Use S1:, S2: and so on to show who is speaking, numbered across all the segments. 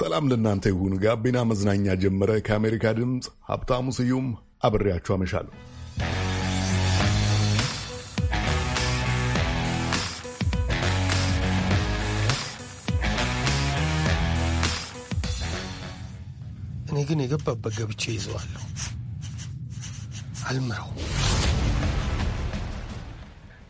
S1: ሰላም ለእናንተ ይሁን። ጋቢና መዝናኛ ጀመረ። ከአሜሪካ ድምፅ ሀብታሙ ስዩም አብሬያችሁ አመሻለሁ።
S2: እኔ ግን የገባበት ገብቼ ይዘዋለሁ አልምረው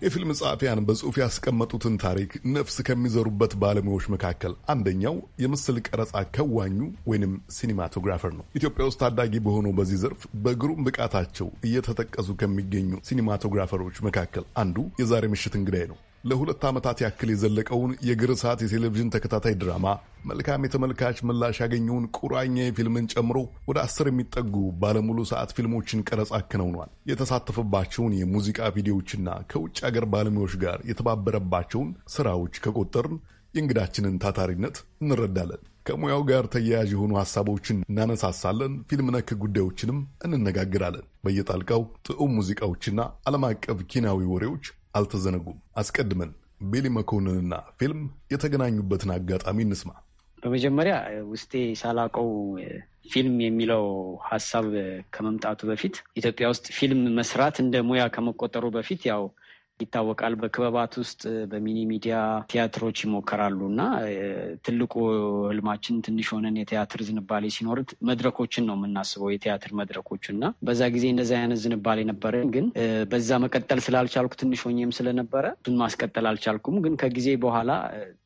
S1: የፊልም ጸሐፊያን በጽሑፍ ያስቀመጡትን ታሪክ ነፍስ ከሚዘሩበት ባለሙያዎች መካከል አንደኛው የምስል ቀረጻ ከዋኙ ወይንም ሲኒማቶግራፈር ነው። ኢትዮጵያ ውስጥ ታዳጊ በሆነው በዚህ ዘርፍ በግሩም ብቃታቸው እየተጠቀሱ ከሚገኙ ሲኒማቶግራፈሮች መካከል አንዱ የዛሬ ምሽት እንግዳይ ነው። ለሁለት ዓመታት ያክል የዘለቀውን የግር ሰዓት የቴሌቪዥን ተከታታይ ድራማ መልካም የተመልካች ምላሽ ያገኘውን ቁራኛ የፊልምን ጨምሮ ወደ አስር የሚጠጉ ባለሙሉ ሰዓት ፊልሞችን ቀረጻ አከናውኗል። የተሳተፈባቸውን የሙዚቃ ቪዲዮዎችና ከውጭ አገር ባለሙያዎች ጋር የተባበረባቸውን ስራዎች ከቆጠርን የእንግዳችንን ታታሪነት እንረዳለን። ከሙያው ጋር ተያያዥ የሆኑ ሀሳቦችን እናነሳሳለን። ፊልም ነክ ጉዳዮችንም እንነጋግራለን። በየጣልቃው ጥዑም ሙዚቃዎችና ዓለም አቀፍ ኪናዊ ወሬዎች አልተዘነጉም። አስቀድመን ቤሊ መኮንንና ፊልም የተገናኙበትን አጋጣሚ እንስማ።
S3: በመጀመሪያ ውስጤ ሳላቀው ፊልም የሚለው ሀሳብ ከመምጣቱ በፊት ኢትዮጵያ ውስጥ ፊልም መስራት እንደ ሙያ ከመቆጠሩ በፊት ያው ይታወቃል። በክበባት ውስጥ በሚኒ ሚዲያ ቲያትሮች ይሞከራሉ እና ትልቁ ህልማችን ትንሽ ሆነን የቲያትር ዝንባሌ ሲኖር መድረኮችን ነው የምናስበው የቲያትር መድረኮች እና በዛ ጊዜ እንደዚ አይነት ዝንባሌ ነበረ። ግን በዛ መቀጠል ስላልቻልኩ ትንሽ ሆኜም ስለነበረ እሱን ማስቀጠል አልቻልኩም። ግን ከጊዜ በኋላ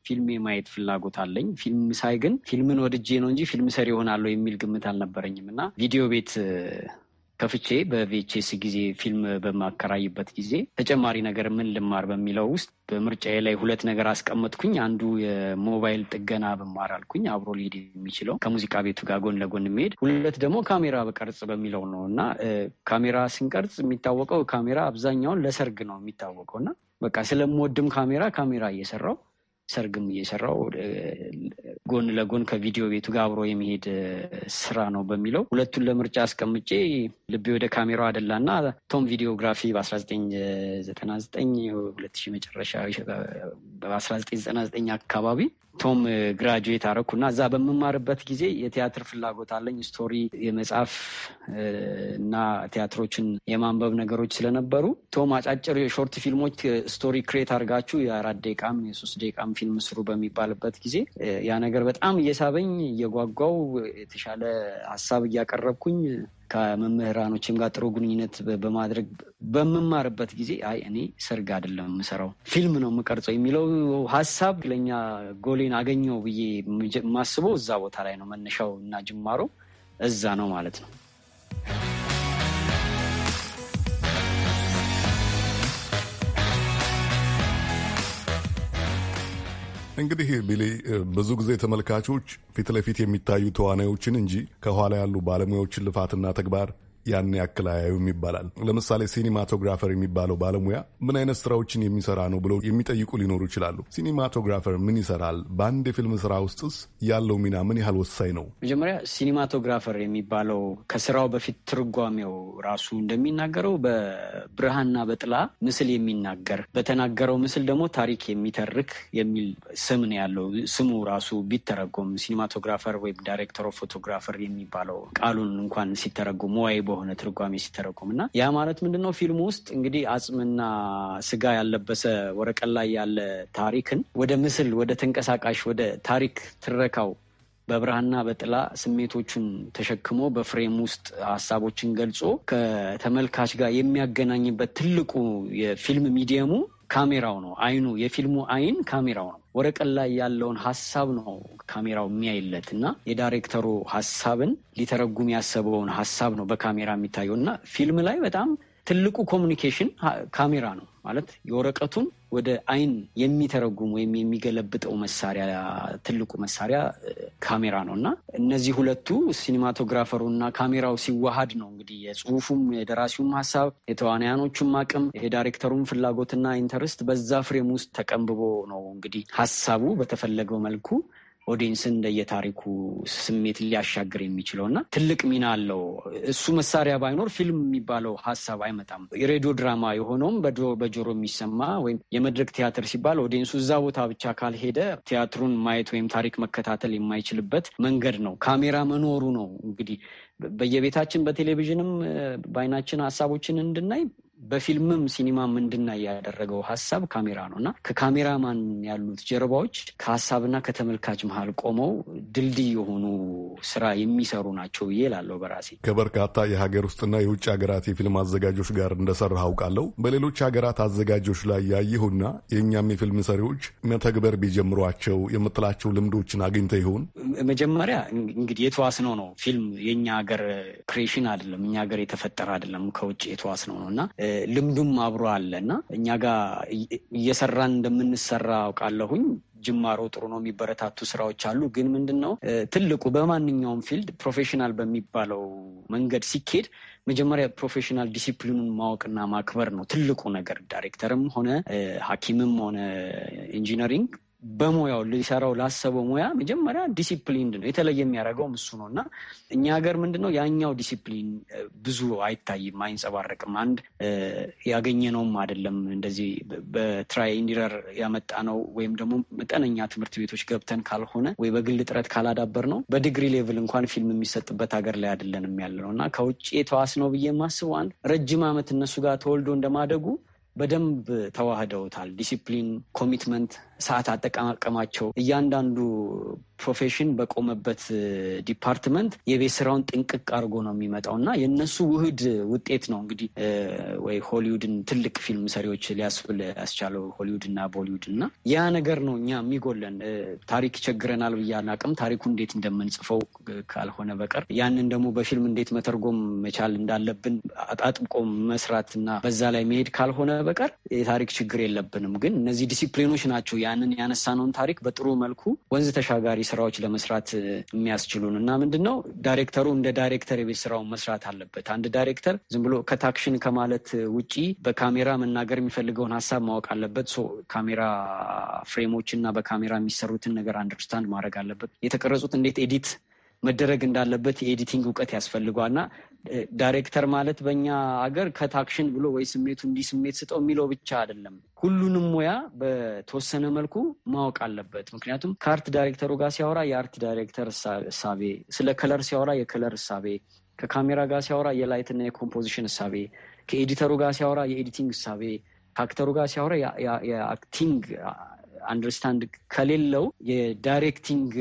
S3: ፊልም የማየት ፍላጎት አለኝ። ፊልም ሳይ ግን ፊልምን ወድጄ ነው እንጂ ፊልም ሰሪ ይሆናለሁ የሚል ግምት አልነበረኝም እና ቪዲዮ ቤት ከፍቼ በቪኤችኤስ ጊዜ ፊልም በማከራይበት ጊዜ ተጨማሪ ነገር ምን ልማር በሚለው ውስጥ በምርጫዬ ላይ ሁለት ነገር አስቀመጥኩኝ። አንዱ የሞባይል ጥገና ብማር አልኩኝ፣ አብሮ ሊሄድ የሚችለው ከሙዚቃ ቤቱ ጋር ጎን ለጎን የሚሄድ ሁለት ደግሞ ካሜራ በቀርጽ በሚለው ነው እና ካሜራ ስንቀርጽ የሚታወቀው ካሜራ አብዛኛውን ለሰርግ ነው የሚታወቀው እና በቃ ስለምወድም ካሜራ ካሜራ እየሰራው ሰርግም እየሰራው ጎን ለጎን ከቪዲዮ ቤቱ ጋር አብሮ የሚሄድ ስራ ነው በሚለው ሁለቱን ለምርጫ አስቀምጬ ልቤ ወደ ካሜራው አደላ እና ቶም ቪዲዮግራፊ በ1999 2000 መጨረሻ በ1999 አካባቢ ቶም ግራጁዌት አረኩ እና እዛ በምማርበት ጊዜ የቲያትር ፍላጎት አለኝ። ስቶሪ የመጽሐፍ እና ቲያትሮችን የማንበብ ነገሮች ስለነበሩ ቶም አጫጭር የሾርት ፊልሞች ስቶሪ ክሬት አድርጋችሁ የአራት ደቂቃም የሶስት ደቂቃም ፊልም ስሩ በሚባልበት ጊዜ ያ ነገር በጣም እየሳበኝ እየጓጓው የተሻለ ሀሳብ እያቀረብኩኝ ከመምህራኖችም ጋር ጥሩ ግንኙነት በማድረግ በምማርበት ጊዜ አይ እኔ ሰርግ አይደለም የምሰራው ፊልም ነው የምቀርጸው የሚለው ሀሳብ ለኛ ጎሌን አገኘው ብዬ የማስበው እዛ ቦታ ላይ ነው። መነሻው እና ጅማሮ እዛ ነው ማለት ነው።
S1: እንግዲህ ቢሊ፣ ብዙ ጊዜ ተመልካቾች ፊት ለፊት የሚታዩ ተዋናዮችን እንጂ ከኋላ ያሉ ባለሙያዎችን ልፋትና ተግባር ያን ያክል አያዩም ይባላል። ለምሳሌ ሲኒማቶግራፈር የሚባለው ባለሙያ ምን አይነት ስራዎችን የሚሰራ ነው ብለው የሚጠይቁ ሊኖሩ ይችላሉ። ሲኒማቶግራፈር ምን ይሰራል? በአንድ የፊልም ስራ ውስጥስ ያለው ሚና ምን ያህል ወሳኝ ነው?
S3: መጀመሪያ ሲኒማቶግራፈር የሚባለው ከስራው በፊት ትርጓሜው ራሱ እንደሚናገረው በብርሃንና በጥላ ምስል የሚናገር በተናገረው ምስል ደግሞ ታሪክ የሚተርክ የሚል ስም ነው ያለው። ስሙ ራሱ ቢተረጎም ሲኒማቶግራፈር ወይም ዳይሬክተር ኦፍ ፎቶግራፈር የሚባለው ቃሉን እንኳን ሲተረጎም ዋይቦ በሆነ ትርጓሜ ሲተረጉም እና ያ ማለት ምንድን ነው? ፊልሙ ውስጥ እንግዲህ አጽምና ስጋ ያለበሰ ወረቀት ላይ ያለ ታሪክን ወደ ምስል፣ ወደ ተንቀሳቃሽ፣ ወደ ታሪክ ትረካው በብርሃና በጥላ ስሜቶቹን ተሸክሞ በፍሬም ውስጥ ሀሳቦችን ገልጾ ከተመልካች ጋር የሚያገናኝበት ትልቁ የፊልም ሚዲየሙ ካሜራው ነው። አይኑ የፊልሙ አይን ካሜራው ነው። ወረቀት ላይ ያለውን ሀሳብ ነው ካሜራው የሚያይለት እና የዳይሬክተሩ ሀሳብን ሊተረጉም ያሰበውን ሀሳብ ነው በካሜራ የሚታየው እና ፊልም ላይ በጣም ትልቁ ኮሚኒኬሽን ካሜራ ነው ማለት የወረቀቱን ወደ አይን የሚተረጉም ወይም የሚገለብጠው መሳሪያ ትልቁ መሳሪያ ካሜራ ነው እና እነዚህ ሁለቱ ሲኒማቶግራፈሩ እና ካሜራው ሲዋሃድ ነው እንግዲህ የጽሁፉም የደራሲውም ሀሳብ የተዋናያኖቹም አቅም የዳይሬክተሩም ፍላጎትና ኢንተርስት በዛ ፍሬም ውስጥ ተቀንብቦ ነው እንግዲህ ሀሳቡ በተፈለገው መልኩ ኦዲንስን እንደየታሪኩ ስሜት ሊያሻግር የሚችለው እና ትልቅ ሚና አለው። እሱ መሳሪያ ባይኖር ፊልም የሚባለው ሀሳብ አይመጣም። የሬዲዮ ድራማ የሆነውም በጆሮ የሚሰማ ወይም የመድረክ ቲያትር ሲባል ኦዲንሱ እዛ ቦታ ብቻ ካልሄደ ቲያትሩን ማየት ወይም ታሪክ መከታተል የማይችልበት መንገድ ነው። ካሜራ መኖሩ ነው እንግዲህ በየቤታችን በቴሌቪዥንም በአይናችን ሀሳቦችን እንድናይ በፊልምም ሲኒማም እንድናይ ያደረገው ሀሳብ ካሜራ ነው እና ከካሜራማን ያሉት ጀርባዎች ከሀሳብና ከተመልካች መሀል ቆመው ድልድይ የሆኑ ስራ የሚሰሩ ናቸው ብዬ ላለው በራሴ
S1: ከበርካታ የሀገር ውስጥና የውጭ ሀገራት የፊልም አዘጋጆች ጋር እንደሰራ አውቃለሁ። በሌሎች ሀገራት አዘጋጆች ላይ ያየሁና የእኛም የፊልም ሰሪዎች መተግበር ቢጀምሯቸው የምትላቸው ልምዶችን አግኝተ ይሆን?
S3: መጀመሪያ እንግዲህ የተዋስነው ነው ፊልም የእኛ ሀገር ክሬሽን አይደለም፣ እኛ ሀገር የተፈጠረ አይደለም፣ ከውጭ የተዋስነው ነው እና ልምዱም አብሮ አለ እና እኛ ጋር እየሰራን እንደምንሰራ አውቃለሁኝ። ጅማሮ ጥሩ ነው። የሚበረታቱ ስራዎች አሉ። ግን ምንድን ነው ትልቁ በማንኛውም ፊልድ ፕሮፌሽናል በሚባለው መንገድ ሲኬድ መጀመሪያ ፕሮፌሽናል ዲሲፕሊኑን ማወቅና ማክበር ነው ትልቁ ነገር። ዳይሬክተርም ሆነ ሐኪምም ሆነ ኢንጂነሪንግ በሙያው ሊሰራው ላሰበው ሙያ መጀመሪያ ዲሲፕሊን ነው። የተለየ የሚያደርገውም እሱ ነው እና እኛ ሀገር ምንድን ነው ያኛው ዲሲፕሊን ብዙ አይታይም፣ አይንጸባረቅም። አንድ ያገኘነውም አይደለም እንደዚህ በትራይ ኢንዲረር ያመጣ ነው። ወይም ደግሞ መጠነኛ ትምህርት ቤቶች ገብተን ካልሆነ ወይ በግል ጥረት ካላዳበር ነው በዲግሪ ሌቭል እንኳን ፊልም የሚሰጥበት ሀገር ላይ አይደለንም ያለ ነው እና ከውጭ የተዋስ ነው ብዬ የማስበው አንድ ረጅም ዓመት እነሱ ጋር ተወልዶ እንደማደጉ በደንብ ተዋህደውታል። ዲሲፕሊን ኮሚትመንት ሰዓት አጠቃቀማቸው እያንዳንዱ ፕሮፌሽን በቆመበት ዲፓርትመንት የቤት ስራውን ጥንቅቅ አድርጎ ነው የሚመጣው እና የእነሱ ውህድ ውጤት ነው እንግዲህ ወይ ሆሊውድን ትልቅ ፊልም ሰሪዎች ሊያስብል ያስቻለው ሆሊውድ እና ቦሊውድ እና ያ ነገር ነው እኛ የሚጎለን። ታሪክ ይቸግረናል ብዬ አላቅም። ታሪኩ እንዴት እንደምንጽፈው ካልሆነ በቀር ያንን ደግሞ በፊልም እንዴት መተርጎም መቻል እንዳለብን አጣጥቆ መስራት እና በዛ ላይ መሄድ ካልሆነ በቀር የታሪክ ችግር የለብንም። ግን እነዚህ ዲሲፕሊኖች ናቸው ያንን ያነሳነውን ታሪክ በጥሩ መልኩ ወንዝ ተሻጋሪ ስራዎች ለመስራት የሚያስችሉን እና ምንድን ነው ዳይሬክተሩ እንደ ዳይሬክተር የቤት ስራውን መስራት አለበት። አንድ ዳይሬክተር ዝም ብሎ ከታክሽን ከማለት ውጪ በካሜራ መናገር የሚፈልገውን ሀሳብ ማወቅ አለበት። ካሜራ ፍሬሞች እና በካሜራ የሚሰሩትን ነገር አንደርስታንድ ማድረግ አለበት። የተቀረጹት እንዴት ኤዲት መደረግ እንዳለበት የኤዲቲንግ እውቀት ያስፈልጓል ዳይሬክተር ማለት በኛ አገር ከታክሽን ብሎ ወይ ስሜቱ እንዲህ ስሜት ስጠው የሚለው ብቻ አይደለም። ሁሉንም ሙያ በተወሰነ መልኩ ማወቅ አለበት። ምክንያቱም ከአርት ዳይሬክተሩ ጋር ሲያወራ የአርት ዳይሬክተር እሳቤ፣ ስለ ከለር ሲያወራ የከለር እሳቤ፣ ከካሜራ ጋር ሲያወራ የላይትና የኮምፖዚሽን እሳቤ፣ ከኤዲተሩ ጋር ሲያወራ የኤዲቲንግ እሳቤ፣ ከአክተሩ ጋር ሲያወራ የአክቲንግ አንደርስታንድ ከሌለው የዳይሬክቲንግ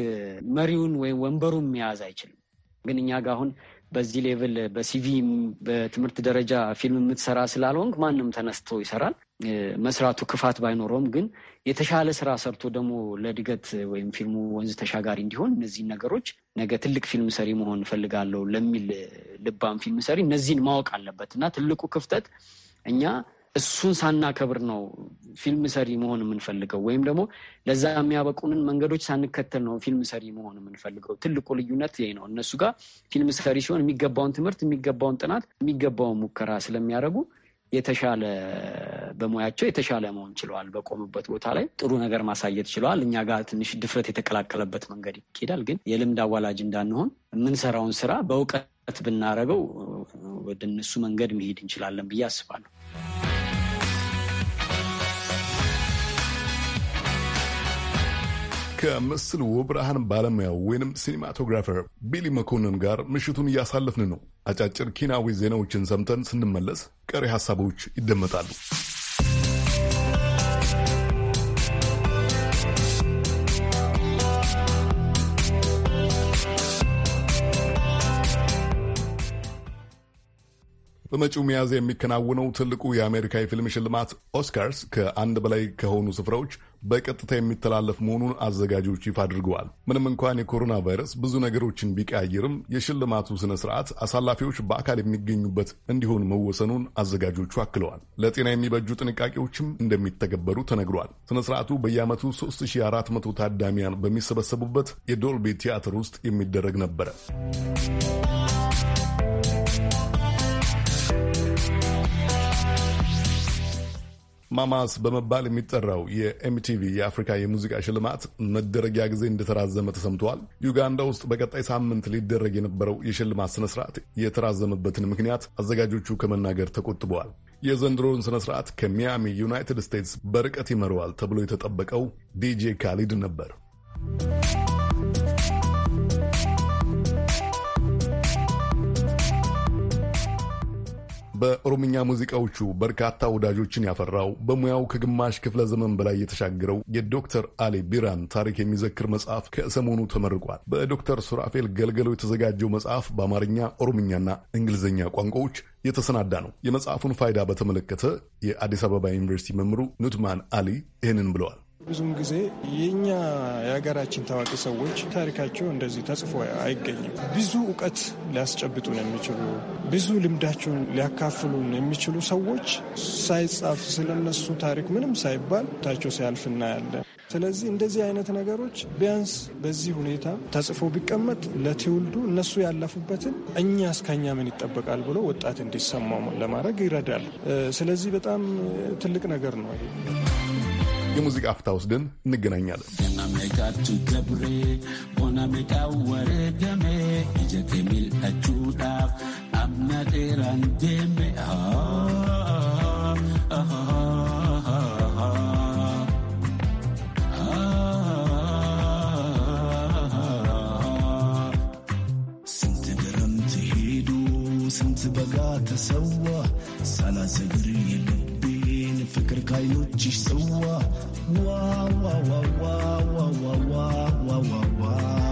S3: መሪውን ወይም ወንበሩን መያዝ አይችልም። ግን እኛ ጋር አሁን በዚህ ሌቭል በሲቪ በትምህርት ደረጃ ፊልም የምትሰራ ስላልሆንክ ማንም ተነስቶ ይሰራል። መስራቱ ክፋት ባይኖረውም ግን የተሻለ ስራ ሰርቶ ደግሞ ለእድገት ወይም ፊልሙ ወንዝ ተሻጋሪ እንዲሆን እነዚህን ነገሮች ነገ ትልቅ ፊልም ሰሪ መሆን እፈልጋለሁ ለሚል ልባም ፊልም ሰሪ እነዚህን ማወቅ አለበት እና ትልቁ ክፍተት እኛ እሱን ሳናከብር ነው ፊልም ሰሪ መሆን የምንፈልገው ወይም ደግሞ ለዛ የሚያበቁንን መንገዶች ሳንከተል ነው ፊልም ሰሪ መሆን የምንፈልገው። ትልቁ ልዩነት ይሄ ነው። እነሱ ጋር ፊልም ሰሪ ሲሆን የሚገባውን ትምህርት፣ የሚገባውን ጥናት፣ የሚገባውን ሙከራ ስለሚያደርጉ የተሻለ በሙያቸው የተሻለ መሆን ችለዋል። በቆሙበት ቦታ ላይ ጥሩ ነገር ማሳየት ችለዋል። እኛ ጋር ትንሽ ድፍረት የተቀላቀለበት መንገድ ይሄዳል። ግን የልምድ አዋላጅ እንዳንሆን የምንሰራውን ስራ በእውቀት ብናደረገው ወደ እነሱ መንገድ መሄድ እንችላለን ብዬ አስባለሁ።
S1: ከምስል ብርሃን ባለሙያው ወይንም ሲኒማቶግራፈር ቢሊ መኮንን ጋር ምሽቱን እያሳለፍን ነው። አጫጭር ኪናዊ ዜናዎችን ሰምተን ስንመለስ ቀሪ ሀሳቦች ይደመጣሉ። በመጪው ሚያዝያ የሚከናወነው ትልቁ የአሜሪካ የፊልም ሽልማት ኦስካርስ ከአንድ በላይ ከሆኑ ስፍራዎች በቀጥታ የሚተላለፍ መሆኑን አዘጋጆች ይፋ አድርገዋል። ምንም እንኳን የኮሮና ቫይረስ ብዙ ነገሮችን ቢቀያየርም የሽልማቱ ስነ ስርዓት አሳላፊዎች በአካል የሚገኙበት እንዲሆን መወሰኑን አዘጋጆቹ አክለዋል። ለጤና የሚበጁ ጥንቃቄዎችም እንደሚተገበሩ ተነግሯል። ስነ ስርዓቱ በየዓመቱ 3400 ታዳሚያን በሚሰበሰቡበት የዶልቤ ቲያትር ውስጥ የሚደረግ ነበረ። ማማስ በመባል የሚጠራው የኤምቲቪ የአፍሪካ የሙዚቃ ሽልማት መደረጊያ ጊዜ እንደተራዘመ ተሰምተዋል። ዩጋንዳ ውስጥ በቀጣይ ሳምንት ሊደረግ የነበረው የሽልማት ስነ ስርዓት የተራዘመበትን ምክንያት አዘጋጆቹ ከመናገር ተቆጥበዋል። የዘንድሮውን ስነ ስርዓት ከሚያሚ ዩናይትድ ስቴትስ በርቀት ይመረዋል ተብሎ የተጠበቀው ዲጄ ካሊድ ነበር። በኦሮምኛ ሙዚቃዎቹ በርካታ ወዳጆችን ያፈራው በሙያው ከግማሽ ክፍለ ዘመን በላይ የተሻገረው የዶክተር አሊ ቢራን ታሪክ የሚዘክር መጽሐፍ ከሰሞኑ ተመርቋል። በዶክተር ሱራፌል ገልገሎ የተዘጋጀው መጽሐፍ በአማርኛ ኦሮምኛና እንግሊዝኛ ቋንቋዎች የተሰናዳ ነው። የመጽሐፉን ፋይዳ በተመለከተ የአዲስ አበባ ዩኒቨርሲቲ መምህሩ ኑትማን አሊ ይህንን ብለዋል። ብዙውን ጊዜ የኛ የሀገራችን ታዋቂ ሰዎች ታሪካቸው እንደዚህ ተጽፎ አይገኝም። ብዙ እውቀት ሊያስጨብጡን የሚችሉ ብዙ ልምዳቸውን ሊያካፍሉን የሚችሉ ሰዎች ሳይጻፍ ስለነሱ ታሪክ ምንም ሳይባል ታቸው ሲያልፍ እናያለን። ስለዚህ እንደዚህ አይነት ነገሮች ቢያንስ በዚህ ሁኔታ ተጽፎ ቢቀመጥ ለትውልዱ እነሱ ያለፉበትን እኛ እስከኛ ምን ይጠበቃል ብሎ ወጣት እንዲሰማው ለማድረግ ይረዳል። ስለዚህ በጣም ትልቅ ነገር ነው ይሄ። የሙዚቃ አፍታ ወስደን እንገናኛለን።
S2: ስንት በጋ ተሰዋ ሳላዘግር የለም فكر كايلوتش سوا وا وا وا وا وا وا وا وا وا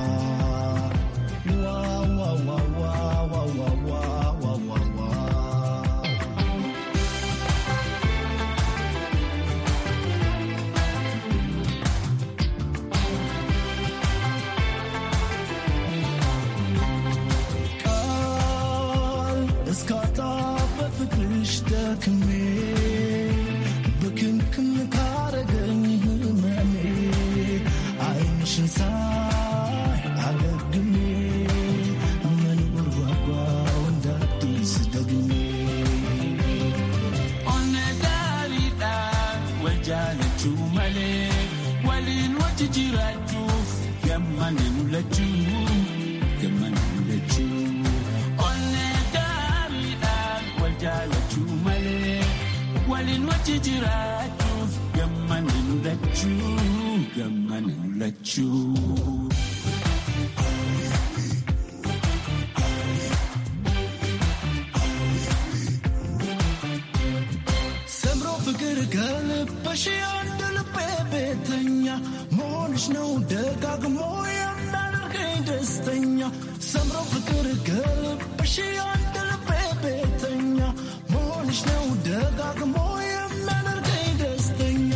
S2: ተደጋግሞ የሚያደርገኝ ደስተኛ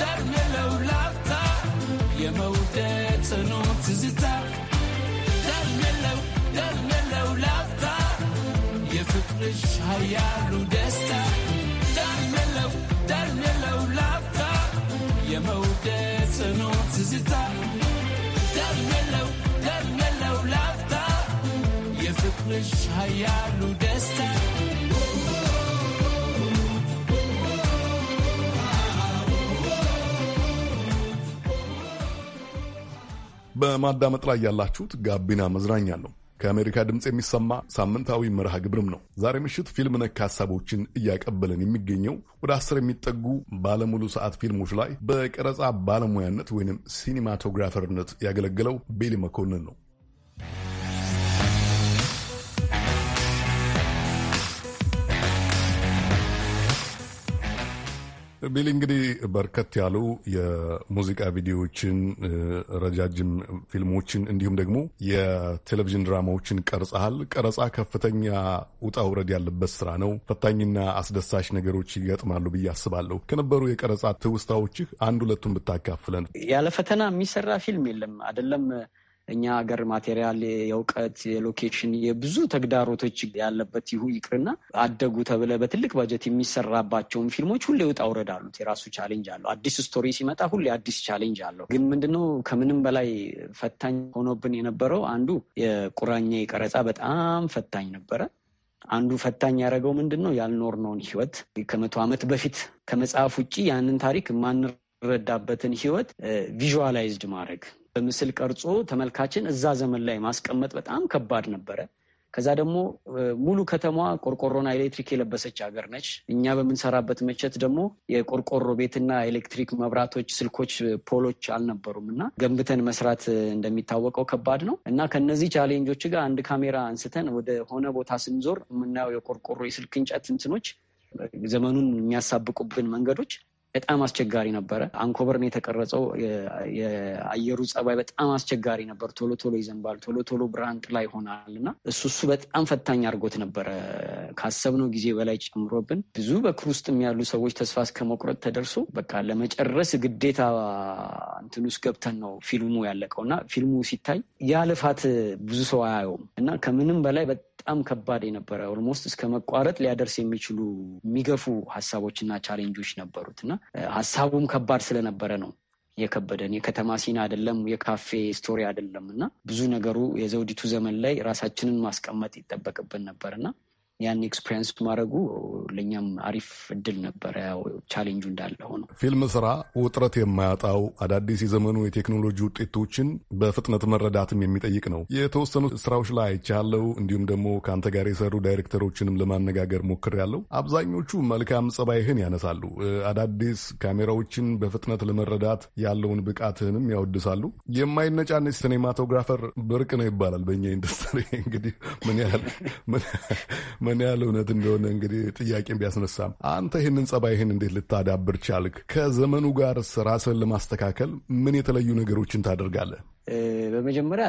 S2: ዳግም የለው ላፍታ የመውደድ ጽኑ ትዝታ ዳግም የለው ላፍታ የፍቅርሽ ኃያሉ ደስታ ዳግም የለው ላፍታ የመውደድ ጽኑ ትዝታ ዳግም የለው ላፍታ የፍቅርሽ ኃያሉ ደስታ
S1: በማዳመጥ ላይ ያላችሁት ጋቢና መዝናኛ ነው። ከአሜሪካ ድምፅ የሚሰማ ሳምንታዊ መርሃ ግብርም ነው። ዛሬ ምሽት ፊልም ነክ ሀሳቦችን እያቀበለን የሚገኘው ወደ አስር የሚጠጉ ባለሙሉ ሰዓት ፊልሞች ላይ በቀረጻ ባለሙያነት ወይንም ሲኒማቶግራፈርነት ያገለገለው ቤሊ መኮንን ነው። ቤሊ እንግዲህ በርከት ያሉ የሙዚቃ ቪዲዮዎችን፣ ረጃጅም ፊልሞችን እንዲሁም ደግሞ የቴሌቪዥን ድራማዎችን ቀርጸሃል። ቀረጻ ከፍተኛ ውጣ ውረድ ያለበት ስራ ነው። ፈታኝና አስደሳች ነገሮች ይገጥማሉ ብዬ አስባለሁ። ከነበሩ የቀረጻ ትውስታዎችህ አንድ ሁለቱን ብታካፍለን።
S3: ያለ ፈተና የሚሰራ ፊልም የለም አይደለም እኛ ሀገር ማቴሪያል፣ የእውቀት፣ የሎኬሽን የብዙ ተግዳሮቶች ያለበት ይሁ ይቅርና አደጉ ተብለ በትልቅ ባጀት የሚሰራባቸውን ፊልሞች ሁሌ ውጣ ውረድ አሉት። የራሱ ቻሌንጅ አለው። አዲስ ስቶሪ ሲመጣ ሁሌ አዲስ ቻሌንጅ አለው። ግን ምንድነው ከምንም በላይ ፈታኝ ሆኖብን የነበረው አንዱ የቁራኛ ቀረጻ በጣም ፈታኝ ነበረ። አንዱ ፈታኝ ያደረገው ምንድን ነው ያልኖርነውን ህይወት ከመቶ ዓመት በፊት ከመጽሐፍ ውጭ ያንን ታሪክ ማንረዳበትን ህይወት ቪዥዋላይዝድ ማድረግ በምስል ቀርጾ ተመልካችን እዛ ዘመን ላይ ማስቀመጥ በጣም ከባድ ነበረ። ከዛ ደግሞ ሙሉ ከተማዋ ቆርቆሮና ኤሌክትሪክ የለበሰች ሀገር ነች። እኛ በምንሰራበት መቼት ደግሞ የቆርቆሮ ቤትና ኤሌክትሪክ መብራቶች፣ ስልኮች፣ ፖሎች አልነበሩም እና ገንብተን መስራት እንደሚታወቀው ከባድ ነው እና ከነዚህ ቻሌንጆች ጋር አንድ ካሜራ አንስተን ወደ ሆነ ቦታ ስንዞር የምናየው የቆርቆሮ የስልክ እንጨት እንትኖች ዘመኑን የሚያሳብቁብን መንገዶች በጣም አስቸጋሪ ነበረ። አንኮበርን የተቀረጸው የአየሩ ጸባይ በጣም አስቸጋሪ ነበር። ቶሎ ቶሎ ይዘንባል፣ ቶሎ ቶሎ ብርሃን ጥላ ይሆናል እና እሱ እሱ በጣም ፈታኝ አድርጎት ነበረ። ካሰብነው ጊዜ በላይ ጨምሮብን ብዙ በክሩ ውስጥም ያሉ ሰዎች ተስፋ እስከመቁረጥ ተደርሶ በቃ ለመጨረስ ግዴታ እንትን ውስጥ ገብተን ነው ፊልሙ ያለቀው እና ፊልሙ ሲታይ ያልፋት ብዙ ሰው አያየውም እና ከምንም በላይ በጣም ከባድ የነበረ ኦልሞስት እስከ መቋረጥ ሊያደርስ የሚችሉ የሚገፉ ሀሳቦችና ቻሌንጆች ነበሩት እና ሀሳቡም ከባድ ስለነበረ ነው የከበደን የከተማ ሲን አይደለም፣ የካፌ ስቶሪ አይደለም እና ብዙ ነገሩ የዘውዲቱ ዘመን ላይ ራሳችንን ማስቀመጥ ይጠበቅብን ነበር እና ያን ኤክስፔሪንስ ማድረጉ ለእኛም አሪፍ እድል ነበረ። ያው ቻሌንጁ እንዳለ ሆኖ
S1: ፊልም ስራ ውጥረት የማያጣው አዳዲስ የዘመኑ የቴክኖሎጂ ውጤቶችን በፍጥነት መረዳትም የሚጠይቅ ነው። የተወሰኑ ስራዎች ላይ አይቻለው፣ እንዲሁም ደግሞ ከአንተ ጋር የሰሩ ዳይሬክተሮችንም ለማነጋገር ሞክር ያለው አብዛኞቹ መልካም ጸባይህን ያነሳሉ። አዳዲስ ካሜራዎችን በፍጥነት ለመረዳት ያለውን ብቃትህንም ያወድሳሉ። የማይነጫነች ሲኔማቶግራፈር ብርቅ ነው ይባላል በእኛ ኢንዱስትሪ። እንግዲህ ምን ያህል ምን ያህል እውነት እንደሆነ እንግዲህ ጥያቄን ቢያስነሳም አንተ ይህንን ይህን እንዴት ልታዳብር ቻልክ? ከዘመኑ ጋር ራስን ለማስተካከል ምን የተለዩ ነገሮችን ታደርጋለህ?
S3: በመጀመሪያ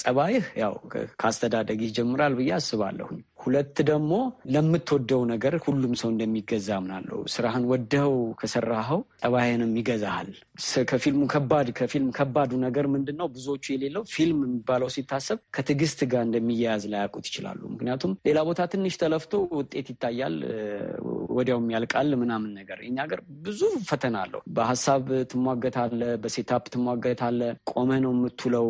S3: ጸባይህ ያው ከአስተዳደግ ይጀምራል ብዬ አስባለሁ። ሁለት ደግሞ ለምትወደው ነገር ሁሉም ሰው እንደሚገዛ አምናለሁ። ስራህን ወደኸው ከሰራኸው ጸባይህንም ይገዛሃል። ከፊልሙ ከባድ ከፊልም ከባዱ ነገር ምንድን ነው? ብዙዎቹ የሌለው ፊልም የሚባለው ሲታሰብ ከትዕግስት ጋር እንደሚያያዝ ላያውቁት ይችላሉ። ምክንያቱም ሌላ ቦታ ትንሽ ተለፍቶ ውጤት ይታያል፣ ወዲያውም ያልቃል ምናምን ነገር። እኛ ሀገር ብዙ ፈተና አለው። በሀሳብ ትሟገታለህ፣ በሴታፕ ትሟገታለህ፣ ቆመህ ነው የምትውለው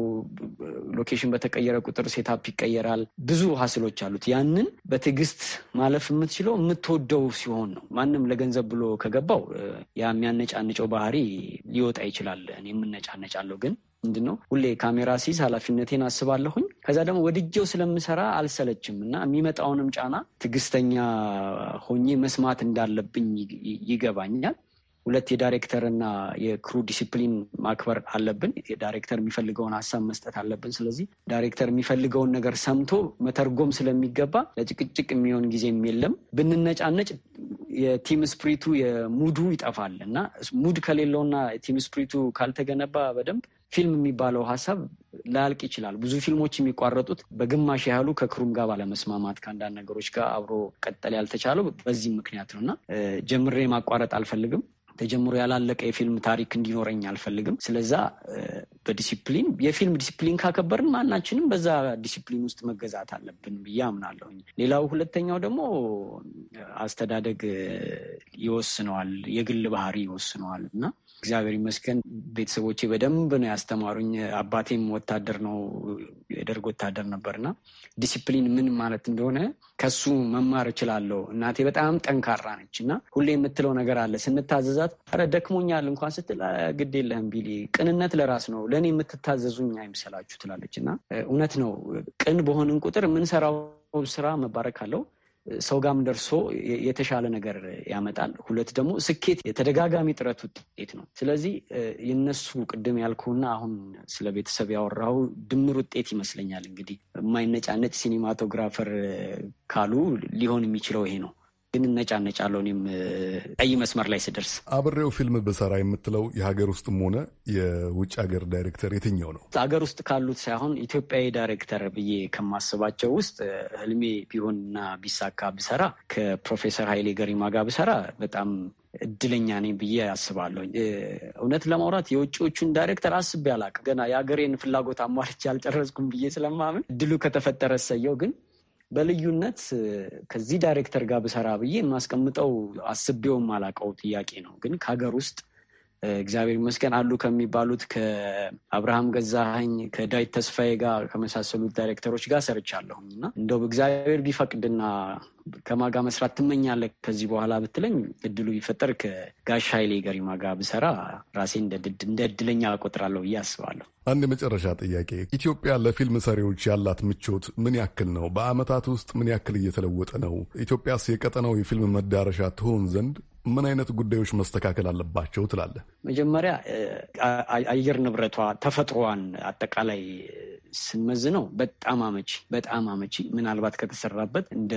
S3: ሎኬሽን በተቀየረ ቁጥር ሴታፕ ይቀየራል። ብዙ ሀስሎች አሉት። ያንን በትዕግስት ማለፍ የምትችለው የምትወደው ሲሆን ነው። ማንም ለገንዘብ ብሎ ከገባው ያ የሚያነጫንጨው ባህሪ ሊወጣ ይችላል። እኔ የምነጫነጫለሁ ግን ምንድን ነው ሁሌ ካሜራ ሲይዝ ኃላፊነቴን አስባለሁኝ። ከዛ ደግሞ ወድጄው ስለምሰራ አልሰለችም እና የሚመጣውንም ጫና ትዕግስተኛ ሆኜ መስማት እንዳለብኝ ይገባኛል። ሁለት የዳይሬክተር የክሩ ዲሲፕሊን ማክበር አለብን። የዳይሬክተር የሚፈልገውን ሀሳብ መስጠት አለብን። ስለዚህ ዳይሬክተር የሚፈልገውን ነገር ሰምቶ መተርጎም ስለሚገባ ለጭቅጭቅ የሚሆን ጊዜም የለም። ብንነጫነጭ የቲም ስፕሪቱ የሙዱ ይጠፋል እና ሙድ ከሌለውና ቲም ስፕሪቱ ካልተገነባ በደንብ ፊልም የሚባለው ሀሳብ ላያልቅ ይችላል። ብዙ ፊልሞች የሚቋረጡት በግማሽ ያህሉ ከክሩም ጋር ባለመስማማት ከአንዳንድ ነገሮች ጋር አብሮ ቀጠል ያልተቻለው በዚህ ምክንያት ነው እና ጀምሬ ማቋረጥ አልፈልግም። ተጀምሮ ያላለቀ የፊልም ታሪክ እንዲኖረኝ አልፈልግም። ስለዛ በዲሲፕሊን የፊልም ዲሲፕሊን ካከበርን ማናችንም በዛ ዲሲፕሊን ውስጥ መገዛት አለብን ብዬ አምናለሁኝ። ሌላው ሁለተኛው ደግሞ አስተዳደግ ይወስነዋል፣ የግል ባህሪ ይወስነዋል እና እግዚአብሔር ይመስገን ቤተሰቦቼ በደንብ ነው ያስተማሩኝ። አባቴም ወታደር ነው፣ የደርግ ወታደር ነበር እና ዲሲፕሊን ምን ማለት እንደሆነ ከሱ መማር እችላለሁ። እናቴ በጣም ጠንካራ ነች እና ሁሌ የምትለው ነገር አለ። ስንታዘዛት ኧረ ደክሞኛል እንኳን ስትል ግድ የለህም ቢሊ፣ ቅንነት ለራስ ነው። ለእኔ የምትታዘዙኝ አይምሰላችሁ ትላለች እና እውነት ነው። ቅን በሆንን ቁጥር የምንሰራው ስራ መባረክ አለው። ሰው ጋም ደርሶ የተሻለ ነገር ያመጣል። ሁለት ደግሞ ስኬት የተደጋጋሚ ጥረት ውጤት ነው። ስለዚህ የነሱ ቅድም ያልኩና አሁን ስለ ቤተሰብ ያወራው ድምር ውጤት ይመስለኛል። እንግዲህ የማይነጫነጭ ሲኒማቶግራፈር ካሉ ሊሆን የሚችለው ይሄ ነው። እነጫነጫለሁ። እኔም ቀይ መስመር ላይ
S1: ስደርስ አብሬው ፊልም በሰራ የምትለው የሀገር ውስጥም ሆነ የውጭ ሀገር ዳይሬክተር የትኛው ነው?
S3: ሀገር ውስጥ ካሉት ሳይሆን ኢትዮጵያዊ ዳይሬክተር ብዬ ከማስባቸው ውስጥ ህልሜ ቢሆንና ቢሳካ ብሰራ ከፕሮፌሰር ኃይሌ ገሪማ ጋር ብሰራ በጣም እድለኛ ነኝ ብዬ አስባለሁ። እውነት ለማውራት የውጭዎቹን ዳይሬክተር አስቤ አላውቅም። ገና የሀገሬን ፍላጎት አሟልቼ አልጨረስኩም ብዬ ስለማምን እድሉ ከተፈጠረ ሰየው ግን በልዩነት ከዚህ ዳይሬክተር ጋር ብሰራ ብዬ የማስቀምጠው አስቤውም አላቀው ጥያቄ ነው። ግን ከሀገር ውስጥ እግዚአብሔር ይመስገን አሉ ከሚባሉት ከአብርሃም ገዛኸኝ ከዳዊት ተስፋዬ ጋር ከመሳሰሉት ዳይሬክተሮች ጋር ሰርቻለሁኝ እና እንደው እግዚአብሔር ቢፈቅድና ከማጋ መስራት ትመኛለህ ከዚህ በኋላ ብትለኝ እድሉ ቢፈጠር ከጋሽ ኃይሌ ጋር ማጋ ብሰራ ራሴ እንደ እድለኛ እቆጥራለሁ ብዬ አስባለሁ።
S1: አንድ የመጨረሻ ጥያቄ፣ ኢትዮጵያ ለፊልም ሰሪዎች ያላት ምቾት ምን ያክል ነው? በአመታት ውስጥ ምን ያክል እየተለወጠ ነው? ኢትዮጵያስ የቀጠናው የፊልም መዳረሻ ትሆን ዘንድ ምን አይነት ጉዳዮች መስተካከል አለባቸው ትላለህ?
S3: መጀመሪያ አየር ንብረቷ ተፈጥሮዋን አጠቃላይ ስንመዝነው በጣም አመቺ በጣም አመቺ ምናልባት ከተሰራበት እንደ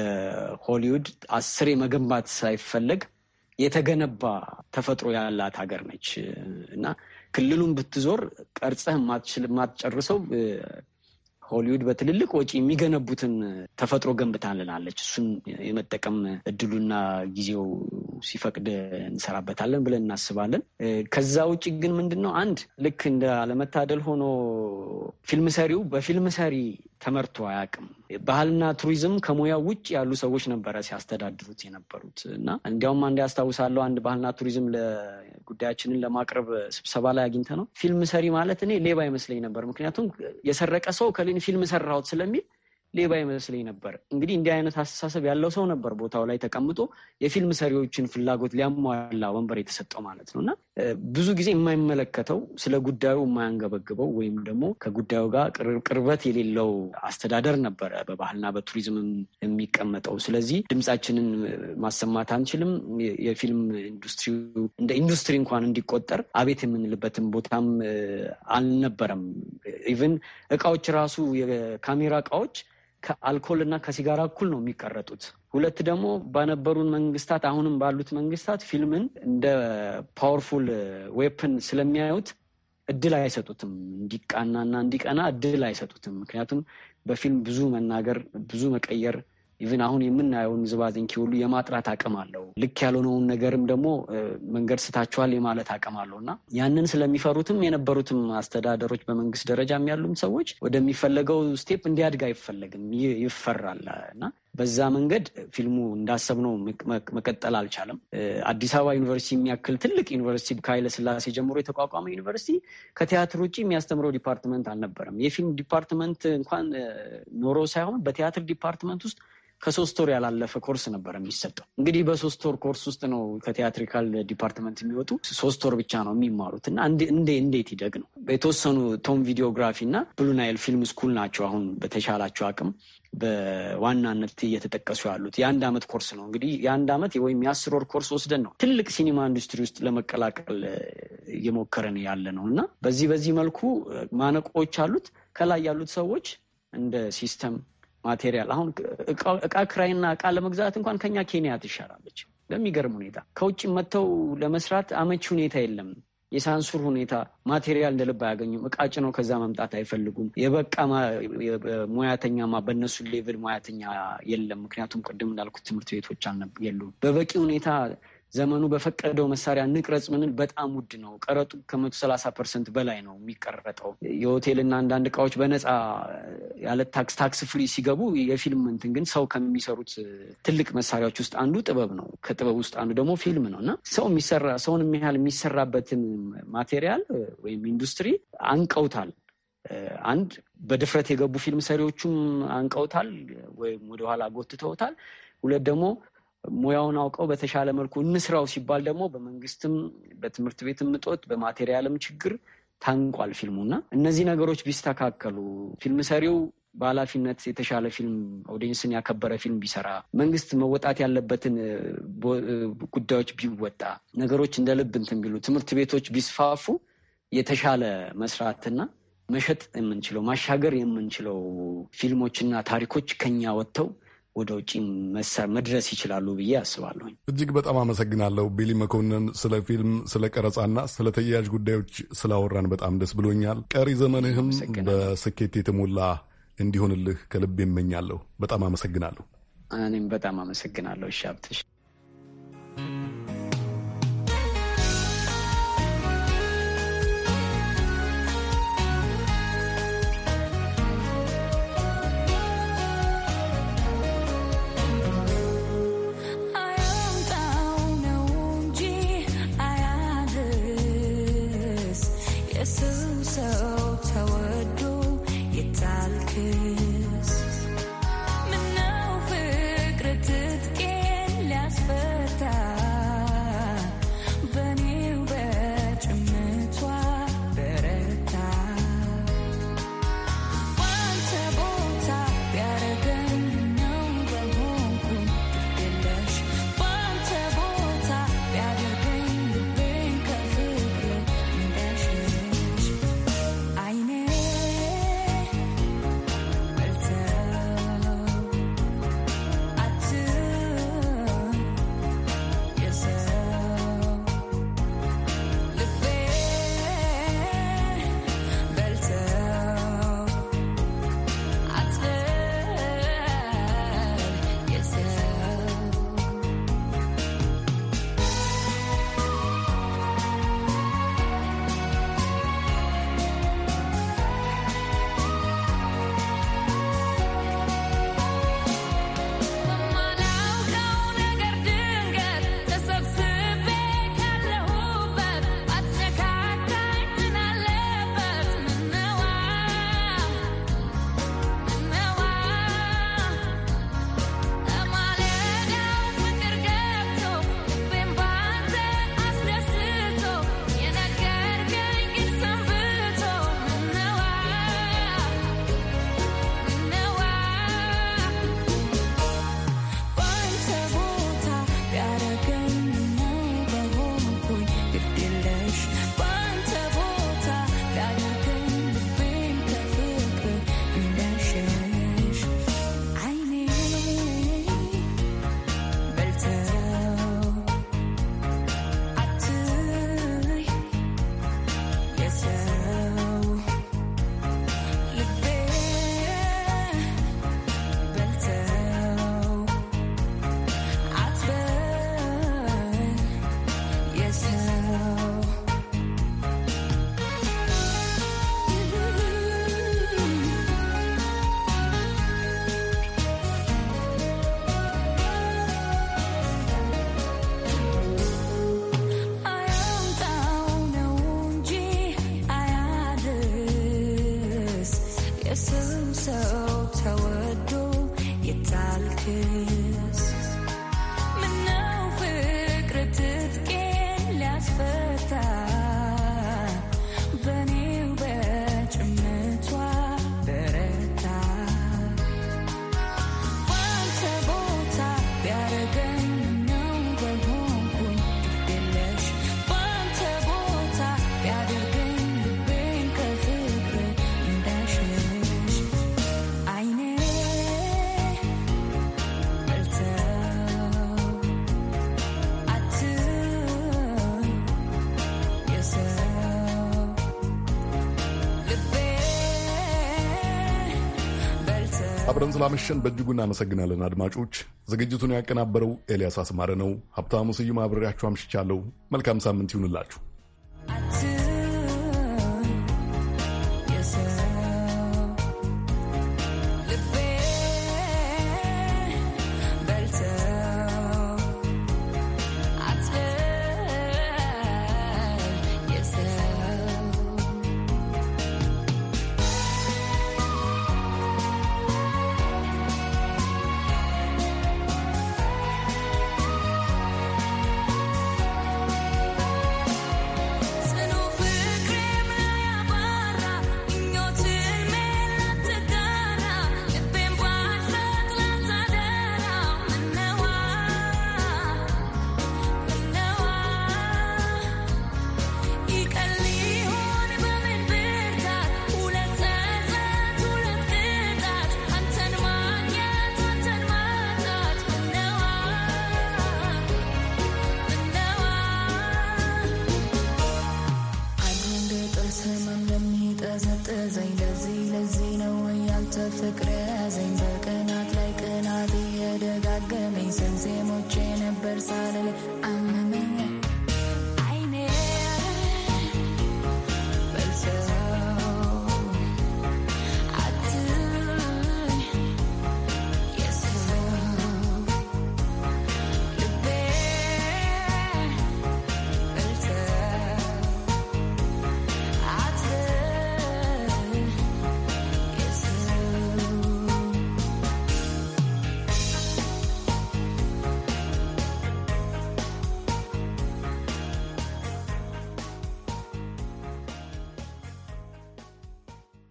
S3: ሆሊውድ አስሬ መገንባት ሳይፈለግ የተገነባ ተፈጥሮ ያላት ሀገር ነች እና ክልሉን ብትዞር ቀርጸህ የማትጨርሰው ሆሊውድ በትልልቅ ወጪ የሚገነቡትን ተፈጥሮ ገንብታልናለች። እሱን የመጠቀም እድሉና ጊዜው ሲፈቅድ እንሰራበታለን ብለን እናስባለን። ከዛ ውጭ ግን ምንድን ነው አንድ ልክ እንደ አለመታደል ሆኖ ፊልም ሰሪው በፊልም ሰሪ ተመርቶ አያውቅም። ባህልና ቱሪዝም ከሙያው ውጭ ያሉ ሰዎች ነበረ ሲያስተዳድሩት የነበሩት እና እንዲያውም አንድ ያስታውሳለሁ አንድ ባህልና ቱሪዝም ጉዳያችንን ለማቅረብ ስብሰባ ላይ አግኝተ ነው ፊልም ሰሪ ማለት እኔ ሌባ ይመስለኝ ነበር። ምክንያቱም የሰረቀ ሰው ከሌን ፊልም ሰራሁት ስለሚል ሌባ ይመስለኝ ነበር። እንግዲህ እንዲህ አይነት አስተሳሰብ ያለው ሰው ነበር ቦታው ላይ ተቀምጦ የፊልም ሰሪዎችን ፍላጎት ሊያሟላ ወንበር የተሰጠው ማለት ነው እና ብዙ ጊዜ የማይመለከተው ስለ ጉዳዩ የማያንገበግበው ወይም ደግሞ ከጉዳዩ ጋር ቅርበት የሌለው አስተዳደር ነበረ በባህልና በቱሪዝም የሚቀመጠው። ስለዚህ ድምፃችንን ማሰማት አንችልም፣ የፊልም ኢንዱስትሪው እንደ ኢንዱስትሪ እንኳን እንዲቆጠር አቤት የምንልበትም ቦታም አልነበረም። ኢቨን እቃዎች ራሱ የካሜራ እቃዎች ከአልኮልና ከሲጋራ እኩል ነው የሚቀረጡት። ሁለት ደግሞ በነበሩን መንግስታት አሁንም ባሉት መንግስታት ፊልምን እንደ ፓወርፉል ዌፕን ስለሚያዩት እድል አይሰጡትም። እንዲቃናና እንዲቀና እድል አይሰጡትም። ምክንያቱም በፊልም ብዙ መናገር፣ ብዙ መቀየር ኢቨን አሁን የምናየውን ዝባዝንኪ ሁሉ የማጥራት አቅም አለው። ልክ ያልሆነውን ነገርም ደግሞ መንገድ ስታችኋል የማለት አቅም አለው እና ያንን ስለሚፈሩትም የነበሩትም አስተዳደሮች በመንግስት ደረጃም ያሉም ሰዎች ወደሚፈለገው ስቴፕ እንዲያድግ አይፈለግም፣ ይፈራል እና በዛ መንገድ ፊልሙ እንዳሰብነው መቀጠል አልቻለም። አዲስ አበባ ዩኒቨርሲቲ የሚያክል ትልቅ ዩኒቨርሲቲ ከኃይለ ስላሴ ጀምሮ የተቋቋመ ዩኒቨርሲቲ ከቲያትር ውጭ የሚያስተምረው ዲፓርትመንት አልነበረም። የፊልም ዲፓርትመንት እንኳን ኖሮ ሳይሆን በቲያትር ዲፓርትመንት ውስጥ ከሶስት ወር ያላለፈ ኮርስ ነበር የሚሰጠው። እንግዲህ በሶስት ወር ኮርስ ውስጥ ነው ከቲያትሪካል ዲፓርትመንት የሚወጡ ሶስት ወር ብቻ ነው የሚማሩት እና እንዴት ይደግ ነው። የተወሰኑ ቶም ቪዲዮግራፊ እና ብሉናይል ፊልም ስኩል ናቸው አሁን በተሻላቸው አቅም በዋናነት እየተጠቀሱ ያሉት የአንድ ዓመት ኮርስ ነው። እንግዲህ የአንድ ዓመት ወይም የአስር ወር ኮርስ ወስደን ነው ትልቅ ሲኒማ ኢንዱስትሪ ውስጥ ለመቀላቀል እየሞከረን ያለ ነው እና በዚህ በዚህ መልኩ ማነቆዎች አሉት። ከላይ ያሉት ሰዎች እንደ ሲስተም ማቴሪያል አሁን እቃ ክራይና እቃ ለመግዛት እንኳን ከኛ ኬንያ ትሻላለች። በሚገርም ሁኔታ ከውጭ መጥተው ለመስራት አመቺ ሁኔታ የለም። የሳንሱር ሁኔታ ማቴሪያል እንደልብ አያገኙም። እቃ ጭነው ከዛ መምጣት አይፈልጉም። የበቃ ሙያተኛማ በእነሱ ሌቭል ሙያተኛ የለም። ምክንያቱም ቅድም እንዳልኩት ትምህርት ቤቶች የሉም በበቂ ሁኔታ ዘመኑ በፈቀደው መሳሪያ ንቅረጽ ምንል በጣም ውድ ነው። ቀረጡ ከመቶ ሰላሳ ፐርሰንት በላይ ነው የሚቀረጠው። የሆቴልና አንዳንድ እቃዎች በነፃ ያለ ታክስ ታክስ ፍሪ ሲገቡ የፊልም እንትን ግን ሰው ከሚሰሩት ትልቅ መሳሪያዎች ውስጥ አንዱ ጥበብ ነው። ከጥበብ ውስጥ አንዱ ደግሞ ፊልም ነው እና ሰው የሚሰራ ሰውን የሚያህል የሚሰራበትን ማቴሪያል ወይም ኢንዱስትሪ አንቀውታል። አንድ በድፍረት የገቡ ፊልም ሰሪዎቹም አንቀውታል ወይም ወደኋላ ጎትተውታል። ሁለት ደግሞ ሙያውን አውቀው በተሻለ መልኩ እንስራው ሲባል ደግሞ በመንግስትም በትምህርት ቤትም እጦት በማቴሪያልም ችግር ታንቋል ፊልሙ እና እነዚህ ነገሮች ቢስተካከሉ ፊልም ሰሪው በኃላፊነት የተሻለ ፊልም ኦዲየንስን ያከበረ ፊልም ቢሰራ መንግስት መወጣት ያለበትን ጉዳዮች ቢወጣ ነገሮች እንደ ልብ እንትን ቢሉ ትምህርት ቤቶች ቢስፋፉ የተሻለ መስራትና መሸጥ የምንችለው ማሻገር የምንችለው ፊልሞችና ታሪኮች ከኛ ወጥተው ወደ ውጭ መድረስ ይችላሉ ብዬ አስባለሁኝ።
S1: እጅግ በጣም አመሰግናለሁ ቢሊ መኮንን። ስለ ፊልም፣ ስለ ቀረጻና ስለ ተያያዥ ጉዳዮች ስላወራን በጣም ደስ ብሎኛል። ቀሪ ዘመንህም በስኬት የተሞላ እንዲሆንልህ ከልብ ይመኛለሁ። በጣም አመሰግናለሁ።
S3: እኔም በጣም አመሰግናለሁ ሻብትሽ።
S2: You.
S1: ስላመሸን በእጅጉ እናመሰግናለን አድማጮች። ዝግጅቱን ያቀናበረው ኤልያስ አስማረ ነው። ሀብታሙ ስዩም አብሬያችሁ አምሽቻለሁ። መልካም ሳምንት ይሁንላችሁ።